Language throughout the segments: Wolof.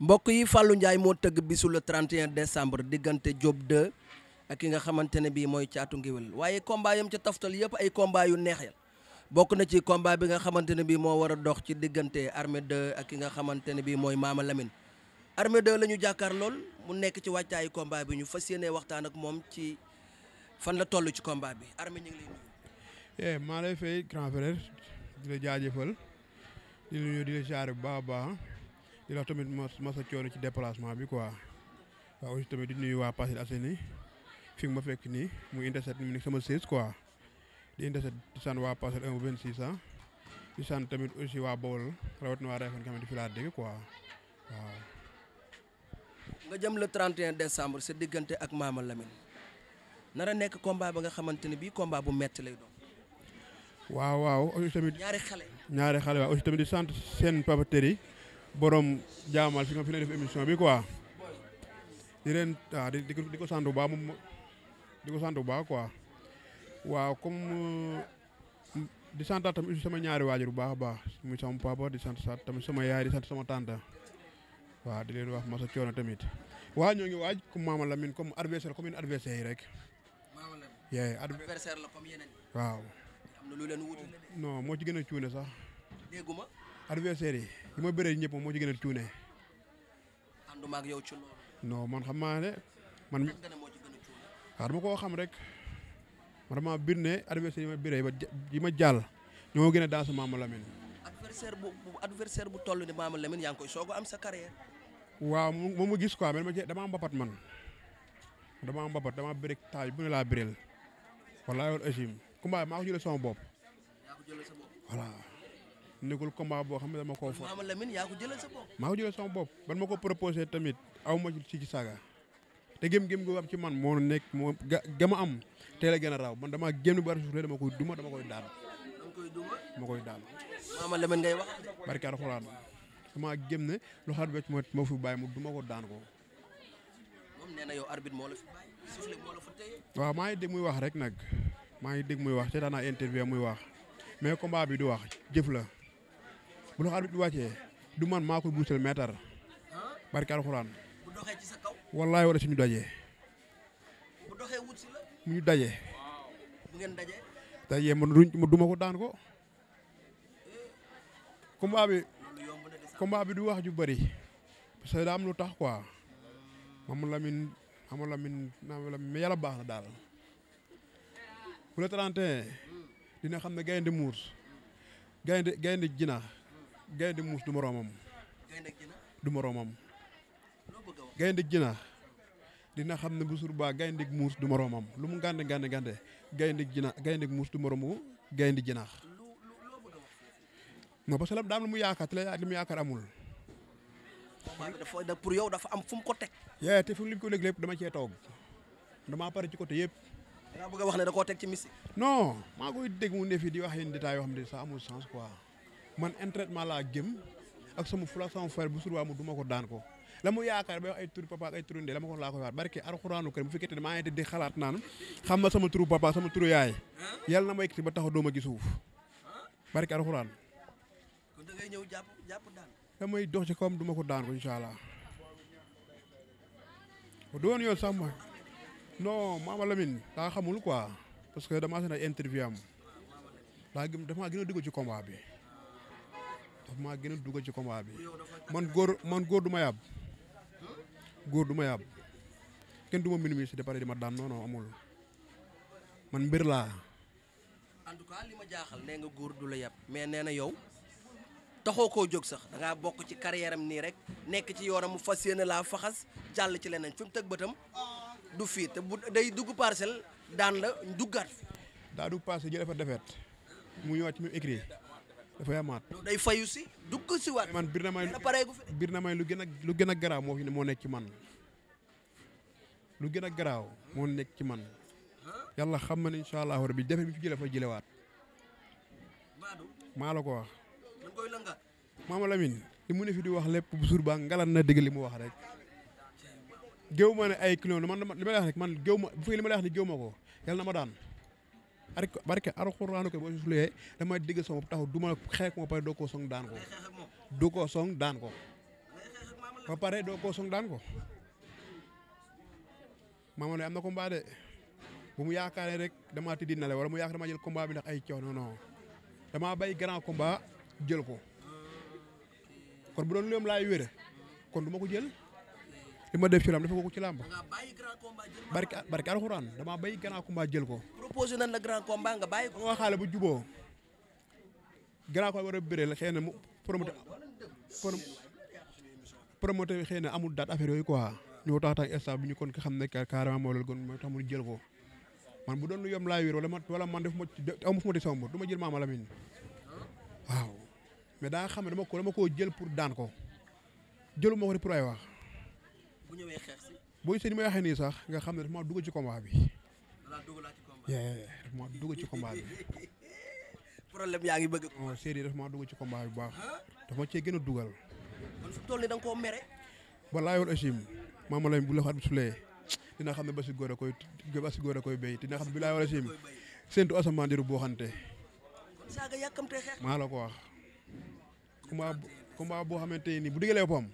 mbokk yi Fallou Ndiaye moo tëgg bisu le 31 décembre diggante jóob 2 ak ki nga xamante ne bii mooy caatu ngéwél waaye combat yam ca toftal yëpp ay combat yu neex ya bokk na ci combat bi nga xamante ne bii moo war a ci diggante armée ak ki nga xamante ne bii mooy Maama Lamine armée 2 la ñu jàkkaar lool mu nekk ci wàccaayu combat bi ñu fas yéenee waxtaan ak moom ci fan la toll ci combat bi armée ñu ngi lay eh, maa lay fay grand frère di la jaajëfal di la nuyu di la jaar bu baax a di la tamit ma ma sa coono ci déplacement bi quoi waaw aussi tamit di nuyu waa Parcelles fekk nii mu indi set mu nekk sama siis quoi di indi set di sant waa Parcelles 1 ba 26 ans di sant tamit aussi waa Bawol rawatina waa Réfane diggante ak Mama a nekk combat ba nga xamante ne bii combat bu metti lay doon. waaw waaw tamit ñaari xale. ñaari xale waaw aussi tamit di sant seen papa Terry borom jaamal fi nga fi ne def émission bi quoi di leen waaw ah, di di ko sant bu baax moom di ko sant bu baax quoi waaw comme euh, di sant tamit aussi sama ñaari waajur ru baax baax muy sama papa di sant tamit sama yaay di sant sama tànta waa di leen wax masa coono tamit waa ñoo ngi waaj comme Mama Lamine comme adversaire comme yeneen adversaire yi rek. yee adversaire la comme yeneen. waaw. am na lu leen wutale moo ci gën a cuune sax. dégguma. adversaire yi ma bëree ñëpp moom moo ci gën a cuune. ànduma ak yow man xam maa ne man. lan nga ne a cuune. waaw koo xam rek vraiment biir ne adversaire yi ma bëree ba yi ma jàll ñoo gën a daas Mama Lamine. adversaire bu adversaire ni Mama Lamine yaa ngi koy soog am sa carrière. waaw moom ma gis quoi man dama am mbapat man dama am mbapat dama bëri taay bu ne laa bëreel wallaahi wal asiim kumbaay maa ko jëlee sama bopp. nekkul combat boo xam ne dama koo. fa Maama Lamine yaa ko jëlal sa bopp. maa ko jëlal sama bopp ban ma ko proposé tamit aw ma ci ci saaga te gém-gém gu am ci man moo nekk moo ga ma am teel gën a raaw man damaa gém ni bari dama koy duma dama dama koy duma dama koy daan. Maama ngay wax. barke alxuraan damaa gém ne lu xaar wecc moo moo fi mu duma ko daan ko. yow arbitre moo la waaw maa ngi dégg muy wax rek nag maa ngi dégg muy wax te daan naa muy wax mais combat bi du wax jëf la. bu ndox arbitre bi wàccee du man maa koy buusal meetar barke alxuraan bu doxee ci sa kaw wallaay wala suñu dajee bu doxee wut si la mu ñu dajee bu ngeen dajee dajee man du ma ko daan ko combat bi combat bi du wax ju bëri parce que daa am lu tax quoi mamu lamin mamu lamin mamu lamin mais yàlla baax na daal bu la 31 dina xam ne gaynde muur gaynde gaynde jinaa gaynde muus du moroomam. gaynde ginaax du moroomam. gaynde ginaax dina xam ne bu suur baa gaynde muus du moroomam lu mu gànde gànde gànde gaynde ginaax gaynde muus du moroomu gaynde ginaax. non parce que daam lu mu yaakaar te la li mu yaakaar amul. dafa pour yow dafa am fu mu ko teg. yaa te fu mu ko teg lépp dama cee toog damaa pare ci côté yëpp. da nga bëgg wax ne koo teg ci missi. non maa koy dégg mu ne fii di wax yenn détails yoo xam ne ça amul sens quoi. man entraînement laa gém ak sama fula sama fayal bu surwaa mu duma ko daan ko la mu yaakaar ba wax ay turu papa ak ay turu ndey la ma ko laa koy waat xam na sama turu papa sama turu yaay yàlla na ma yëkkati ba taxaw dooma gi suuf barke alxuraan ñëw jàpp jàpp daan damay dox ci ko daan ko incha allah du woon yoon sax ma non Mama Lamine daa xamul quoi parce que damaa seen ay interview am daa gëm damaa gën a dugg ci combat bi dafa maa gën a dugal ci combat bi man góor man góor du ma yàbb góor du ma yàbb kenn du ma minimiser de di ma daan non amul man mbir laa. en tout cas li ma jaaxal nee nga góor du la yàbb mais nee na yow taxoo ko jóg sax da bokk ci carrière nii rek nekk ci yoonam mu fas yéene laa faxas jàll ci leneen fi mu teg bëtam du fii te bu day dugg parcelle daan la duggaat. daa dugg parcelle jëlee fa defet mu ñëwaat ci mu écrit. dafay amaat. day fayu si dugg si waat. man bir na may bir na may lu gën a lu gën a garaaw moo fi moo nekk ci man. lu gën a garaaw moo nekk ci man yàlla xam na ne incha allahu rabi jafe bi fi jëlee fa jëlewaat maa la ko wax. maama Lamine li mu ne fi di wax lépp bu suur baa ngalan na dégg li mu wax rek. géew ma ne ay kilo man li ma la wax rek man géew ma bu fekkee li ma la wax ni géew ko yàlla na ma daan. ar alxuraan ko boo si suluwee damay digg sama taxaw du ma xeex moo pare doo koo song daan ko du ko song daan ko ba pare doo koo song daan ko maama ne am na combat de bu mu ne rek damaa tiddi na le wala mu yaakaar damaa jël combat bi ndax ay coono non damaa bay grand combat jël ko ah, kon bu doon léem laay wére kon du ma ko jël li ma def ci lamb dafa ko ci lamb barke barke alxuraan damaa bay grand combat jël ko. proposé ko. nga xaale bu juboo grand combat war la xëy na mu promoteur promoteur xëy na amul date affaire yooyu quoi. ñu tax tax instant bi ñu kon xam ne jël ko man bu doon lu yom laay wér wala man wala man ma aw ma fu ma di somb du ma jël Mama Lamine waaw mais daa xam ne dama ko dama koo jël pour daan ko jëlu ma ko pour ay wax. boo ñëwee xeex si. nii sax nga xam ne dafa maa dugg ci combat bi. dafa maa dugg ci combat bi. yaa ngi bëgg. non oh, dugg ci combat bu baax. dafa cee gën a dugal. kon fu toll nii da nga koo bu la xat sulee dina xam ne basi góor a koy basi góor a koy béy dina xam ne bilaa yoon aussi séntu asamaan diiru boo xante. kon saaga maa la ko wax. combat combat boo xamante ni bu diggalee boppam.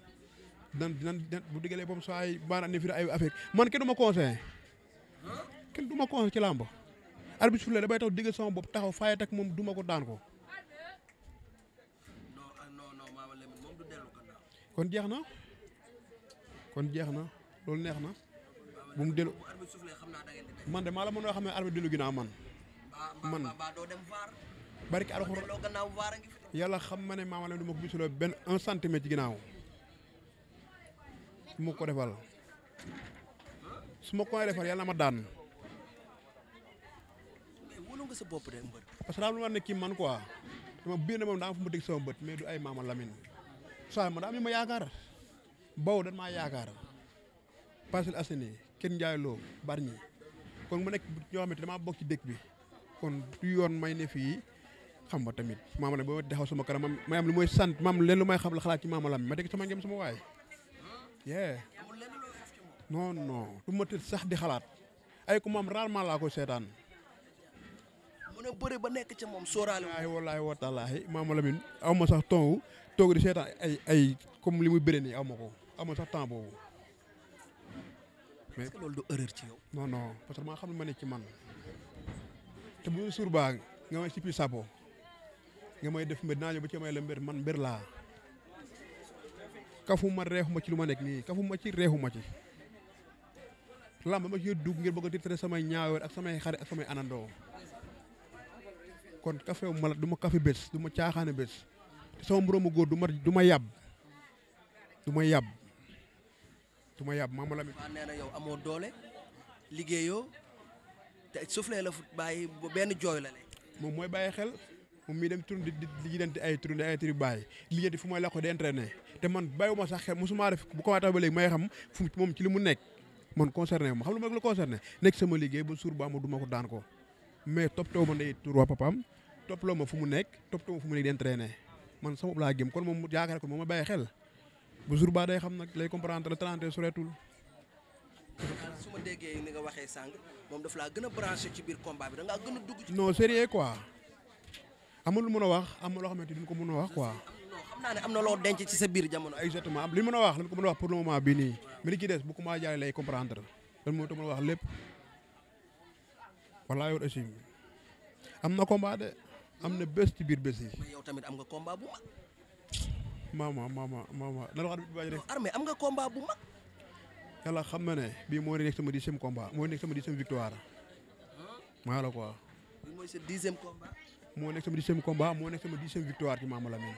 dinañ dinañ bu diggalee boobu saa baa baaraan ne fii ay affaire man kenn ma conseillé kenn du ma conseillé ci làmb. arbitre suuf damay tax digal sama bopp taxaw faayat ak moom duma ko daan ko. Ah, kon jeex na kon jeex na loolu neex na bu mu dellu man de maa la mën a xam ne arbitre dellu ginnaaw man man barki alxuraan yàlla xam ma ne maama leen du ma ko bisuloo benn un centimètre ci ginnaaw bu ma ko defal su ma koy defal yàlla ma daan. sa bopp de mbër. parce que daal lu ma ne man quoi moom daa fu ma teg sama bët mais du ay maama Lamine. saa ma daa ma yaakaar baw dañ maa yaakaar Parcelles Assainies kenn njaay loo bari ñi kon mu nekk ñoo xam ne damaa bokk ci dëkk bi kon du yoon may ne fii xam nga tamit maama la boo taxaw sama kanam ma am lu may sant maam leen lu may xam la xalaat ci maama Lamine ma teg sama ngëm sama waay. yee non non du tëdd sax di xalaat ay ku moom rarement laa koy seetaan. mu ne bëri ba nekk ca moom sóoraale. wallaahi wallaahi wa taalaahi maama Lamine aw ma sax temps toog di seetaan ay ay comme li muy bëri nii aw ko aw ma sax temps boobu. mais loolu du erreur ci yow. non parce que maa xam ne ma ne ci man te bu suur baa nga may sippi sapo nga may def mbir naa ba ci may la man mbir laa. kafuma reexuma ci lu ma nekk nii kafuma ci reexuma ci lamb ma ci dugg ngir bëgg a titre samay ñaaweel ak samay xarit ak samay anandoo kon kafew la du ma kafe bés du caaxaane bés te sama mboroomu góor du ma du ma yàbb du ma yàbb du ma yàbb maama Lamine. maa amoo doole liggéeyoo te soufflé la fu bàyyi benn jooy la ne. moom mooy bàyyi xel moom mii dem tourne di di lijjanti ay tourne ay turu bàyyi lijjanti fu may la ko di entraîné. te man bàyyiwuma sax xel mosuma def bu commencé ba léegi may xam fu moom ci li mu nekk man concerné ma xam lu ma la concerné nekk liggéey ba suur ba ma du ma ko daan ko mais toppatoo ma ndey tur waa papaam toppaloo ma fu mu nekk toppatoo ma fu mu nekk di man sama bopp laa gëm kon moom yaakaar kon moom ma bàyyi xel bu jour ba day xam nag lay comprendre le talent sureetul. su ma déggee nga waxee sàng moom daf laa gën a branché ci biir combat bi da ngaa gën a dugg. non sérieux quoi amul lu mën a wax amul loo xamante ni duñ ko mën a wax quoi. xam am na loo denc ci sa biir jamono. exactement li mën a wax li a wax nii mi li ci ko maa jaay lay comprendre loolu moo tax a wax lépp na combat de am na bés ci biir bés yi. yow tamit am nga combat bu mag. maama maama maama lan nga combat xam na ne bii moo nekk sama dixième combat moo nekk sama dixième victoire maa la quoi. bii mooy sa dixième combat. moo nekk sama dixième combat moo victoire ci Mama Lamine.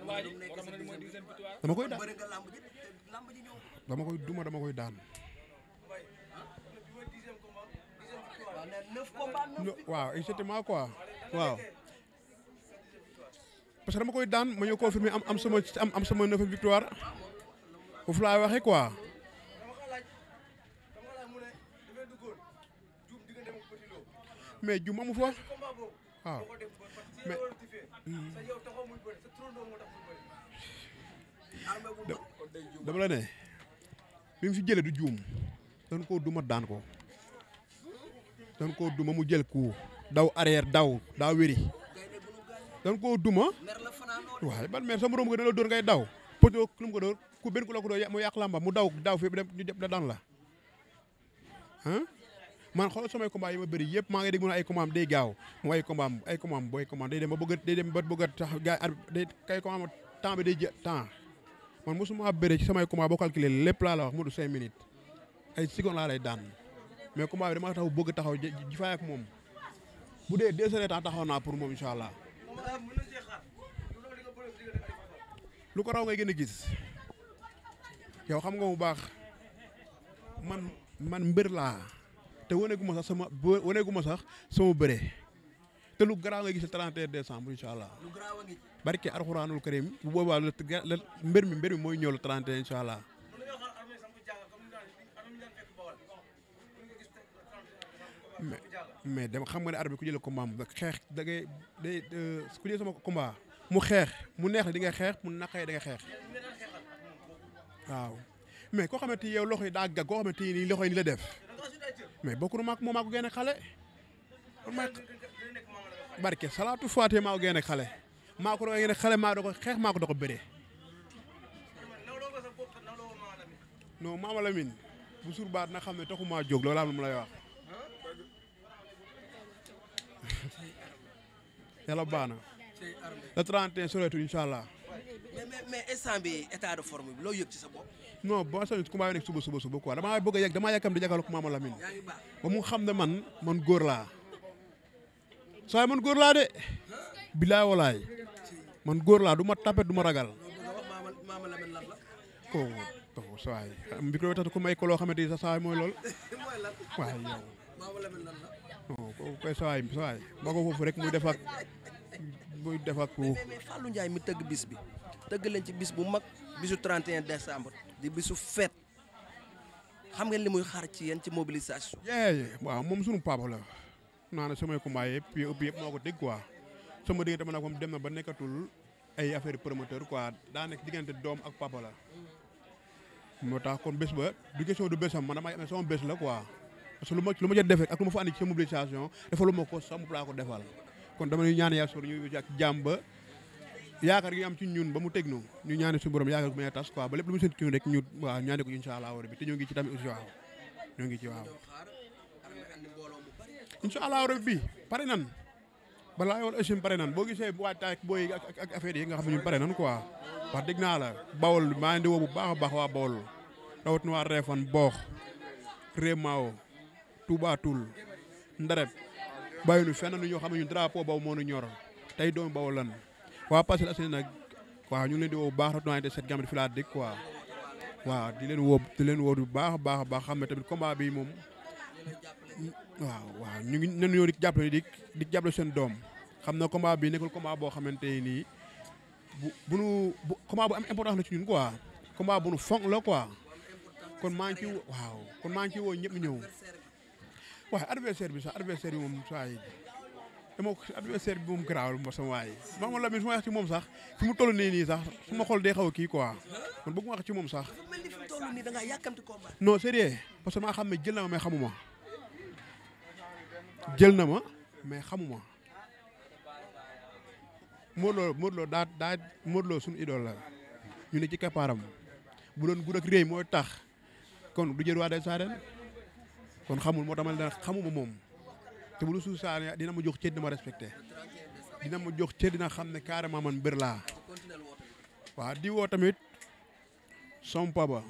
dama koy daan dama koy duma dama koy daan. waaw exactement quoi waaw. parce que dama koy daan ma ñëw confirmer am am sama am victoire foofu laay waxee quoi. mais jum amu waaw. mais hmm. dama la ne bi mu fi jëlee du juum dañ koo duma daan ko dañ koo duma mu jël ku daw arrière daw daa wéri dañ koo duma waaw ban mer sama romb nga da la dóor ngay daw poto ko dóor ku benn ku la ko dóor mu yàq lamba mu daw daw fépp ñu jëpp da daan la man xoolal samay combat yi ma bëri yëpp maa ngi dégg mu ay combat am day gaaw moom ay combat am ay combat am booy combat day dem ba bëgg a day dem ba bëgg a tax gars jël temps samay combat boo calculé lépp laa la wax mu du cinq ay secondes laa lay daan mais combat bi dama taxaw bëgg taxaw ji faay ak moom bu dee deux heures taxaw naa pour moom incha allah. lu ko raw ngay gën a gis yow xam nga bu baax man man mbër laa. te waneegu ma sax sama waneegu ma sax sama bëree te lu garaaw nga gis 31 décembre incha allah barke arxuraanul karim bu boobaa la la mbir mi mbir mi mooy ñëw la 31 allah. mais mais dama xam nga ne arbitre ku jëlee combat am xeex da ngay day euh, ku jëlee sama combat mu xeex mu neex la di xeex mu naqaree di xeex waaw mais koo xamante yow loxo yi daa gag koo xamante ni loxo yi ni la def. mais bokk na maak moom maa ko génne xale. barke salaatu faatee maa ko génne xale xale maa ko xeex maa ko doon bëree. non Mama Lamine baat na ne taxu maa jóg loolu am na mu lay wax. yàlla baax na. le 31 soreetu ci sa no boo sañoon combat ba nekk suba suba suba quoi damaa bëgg a yegg damaa yàkkam di jagal ko Mama Lamine ba mu xam ne man man góor laa saa man góor laa de bilaay walaay man góor laa du ma tapet du ma ragal. kooku kooku saa yi mbir mi tax comme ay koloo xamante ni sax mooy lool waaye yow non kooku kay saa foofu rek muy def ak muy def ak. mais mais Fallou tëgg bis bi tëgg leen ci bis bu mag bisu 31 décembre. di bisu feet xam ngeen li muy xaar ci yéen ci mobilisation. waaw moom sunu papa la naa ne samay combat yëpp yëpp moo ko dégg quoi sama dégg dama ne ko dem na ba nekkatul ay affaire promoteur quoi daa diggante doom ak papa la. moo tax kon bes ba du question du bésam man damay amee sama bés la quoi parce que lu ma lu ma jot defee ak lu ma fa andi ci mobilisation defaluma ko sama bopp laa ko defal kon dama ñaan yàlla sori ñu jàmm ba yaakaar gi am ci ñun ba mu teg ñu ñu ñaane suñu borom yaakaar gu may tas quoi ba lépp lu mu seen ci ñun rek ñu waaw ngi ci tamit aussi waaw ñoo ngi ci bi incha allah rabbi pare nan balaa yow aussi pare nan boo gisee waajtaay ak boo ak ak affaire yi nga xam ne ñun pare nan quoi wax dëgg naa la bawol maa ngi di woo bu baax a baax waa bawol rawatina waa Réfane Boox Rémao Touba Toul nu ñoo xam ne ñun drapeau boobu moo ñu ñor tey doomu bawol lan waa Parcelles Assainies nag waaw ñu ngi leen di woo bu baax rawatina set gàmm di fi laa dégg waaw di leen woo di leen woo bu baax a baax a baax xam ne tamit combat bi moom waaw waaw ñu ngi nen ñoo di jàppale di di seen doom xam na combat bi nekkul combat boo xamante nii bu bu bu am importance la ci ñun quoi combat bu nu fonk la quoi kon maa ngi ci waaw kon maa ngi ci woo ñëpp ñëw waaw adversaire bi sax adversaire bi moom saa yi dama ko adversaire bi moom garaawul ma sama waay maa ma Lamine su ma wax ci moom sax fi mu toll nii nii sax su ma xool day xaw a kii quoi man bëgg ma wax ci moom sax. non sérieux parce que maa xam ne jël na ma mais xamuma jël na ma mais xamuma Modou Lo Modou Lo daa suñu idole la ñu ne ci kappaaram bu doon gudd ak réy tax kon du jël waa des saa kon xamul moo tax ma ne xamuma moom. te bu lu saa dina ma jox cër dina ma respecté dina ma jox cër dina xam ne carrément man mbër laa waaw di woo tamit som papa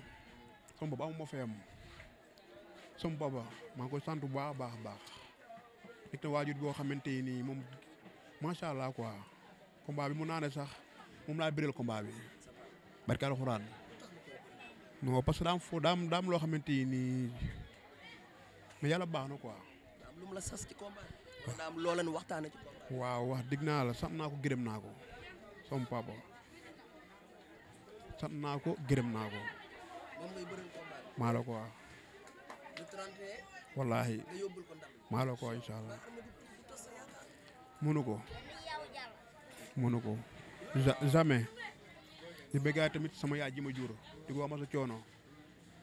som papa amu ma fayam som papa maa ngi koy sant bu baax baax baax nekk na waajur boo xamante ni moom macha allah quoi combat bi mun naa ne sax moom laa biral combat bi barke alxuraan non parce que daam foo daam daam loo xamante ni ma yàlla baax na quoi am lu mu waxtaanee ci waaw wax digg naa la sant naa ko gërëm naa ko sama naa ko gërëm naa ko. moom ngay bëri combat ko wax. le 31. wallaahi nga ko ndam. maa ko wax incha allah. mënu ko. mënu ko. jamais. di tamit sama yaay jima ma jur. di ko wax ma sa coono.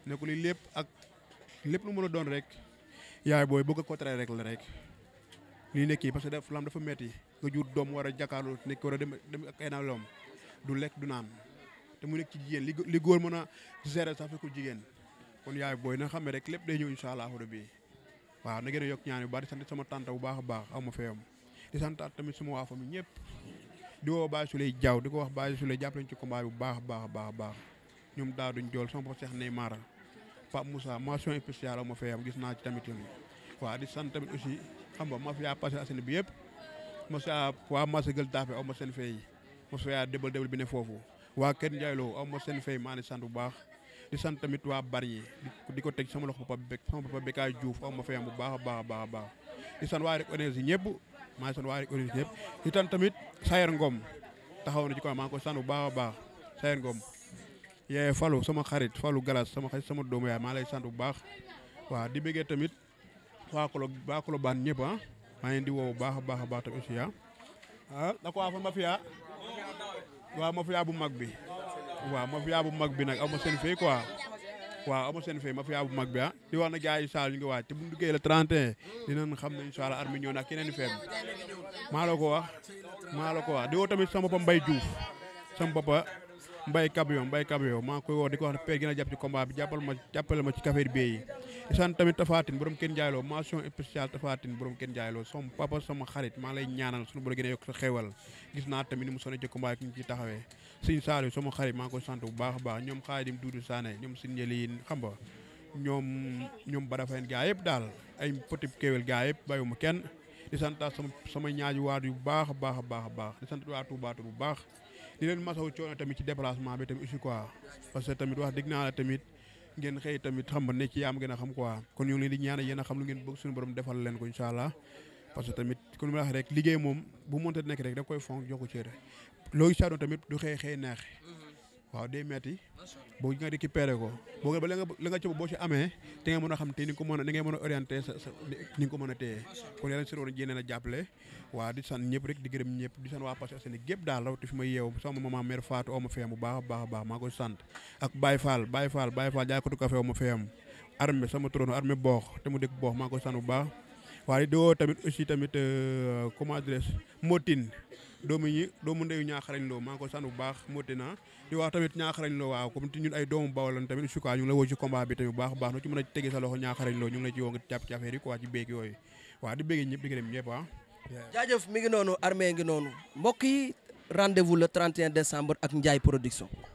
ne ko lépp ak lépp lu mën a doon rek. yaay booy bëgg a cotraire rek la rek lii nekk yi parce que daf lam dafa metti nga jur doom war a jàkkaarloo nekk war a dem dem ak ay loom du lekk du naan te mu nekk ci jigéen li góor mën a gérer sax fekkul jigéen kon yaay booy na xam ne rek lépp day ñëw incha allah rabbi waaw na gën a yokk ñaan bu baax di sant sama tante bu baax a baax aw ma feewam di sant tamit suma waa famille ñëpp di woo Baye Souley jaaw di ko wax Baye Souley jàpp lañ ci combat bi bu baax a baax a baax ñoom daa duñ jool sama bopp Cheikh Neymar Pape Moussa mention spéciale ma fay am gis naa ci tamit yéen waaw di sant tamit aussi xam ma fi yaa passé assaini yëpp a waa Massagueul Tapé aw ma seen waa Kër Ndiaye Lo aw ma seen bu baax di sant tamit waa Bargny di ko teg sama loxo a baax a a ñëpp di sant tamit Sayer Ngom taxaw na ci kaw maa ko sant bu baax a baax Sayer Ngom. yee falu sama xarit Fallou Galas sama xarit sama doom yaay maa lay sant bu baax waaw di bëggee tamit waa Kolo waa Kolo baan ñëpp ah maa ngi di woo bu baax a baax a baax tamit aussi ah. ah da ko bu mag bi waaw mafia bu mag bi nag aw ma seen fee quoi waaw aw bu mag bi ah di wax na gars yi saal ñu ngi waaj te bu ñu duggee le 31 dinañ xam ne incha na ak i feem maa la ko wax maa la ko wax di woo tamit sama papa mbay Diouf sama papa. Mbaye Kabiyo Mbaye Kabiyo maa ngi koy woo di ko wax ne père gën a jàpp ci combat bi jàppal ma jàppale ma ci café bi yi di sant tamit Tafatine borom kenn jaayloo mention spéciale Tafatine borom kenn jaayloo sama papa sama xarit maa lay ñaanal suñu borom gën a yokk sa xewal gis naa tamit ni mu sonné ci combat bi ñu ci taxawee suñu Saliou sama xarit man ngi koy sant bu baax a baax ñoom Xaadim Duudu Sané ñoom sin jëliin xam nga ñoom ñoom Badafayen gaa yëpp daal ay petit kéwél gaa yëpp bàyyiwuma kenn di sant sama sama ñaaju waat yu baax a baax a baax di sant waa Touba bu baax di leen masaw coono tamit ci déplacement bi tamit aussi quoi parce tamit wax dëgg naa la tamit ngeen xëy tamit xam nga ne ci yaam ngeen a xam quoi kon ñu ngi leen di ñaan yéen a xam lu ngeen bëgg suñu borom defal leen ko incha allah parce que tamit kon ma wax rek liggéey moom bu mënta nekk rek da koy fonk jox ko cër looy saa doon tamit du xëy xëy neex waaw day metti boo nga récupéré ko boo ko ba la nga boo ci amee te nga mën a xam te ni ko mën a ni ngay mën a orienté sa sa ko mën a téye kon yàlla a jàppale waa di sant ñëpp rek di gërëm ñëpp di sant waa Parcelles Assainies gépp daal rawatina fi ma yeew sama maman mère Fatou oma feem bu sant ak Baye Fall Baye Fall Baye Fall jaay kotu café oma feem armée sama trono armée boox te mu dëkk boox ko sant bu waaye di woo tamit aussi tamit euh, comment dirais-je Motine doomu yi doomu ndeyu ñaaxarañ loo maa ngi ko bu baax mote na di wax tamit ñaaxarañ loo waaw comme ñun ay doomu bawol lan tamit suka ñu ngi la woo ci combat bi tamit bu baax baax no ci mën a tege sa loxo ñaaxarañ loo ñu la ci woo nga jàpp ci affaire yi quoi ci béek yooyu waaw di béggee ñëpp di gërëm ñëpp ah jaajëf mi ngi noonu armée ngi noonu mbokk yi rendez-vous le ak Ndiaye Production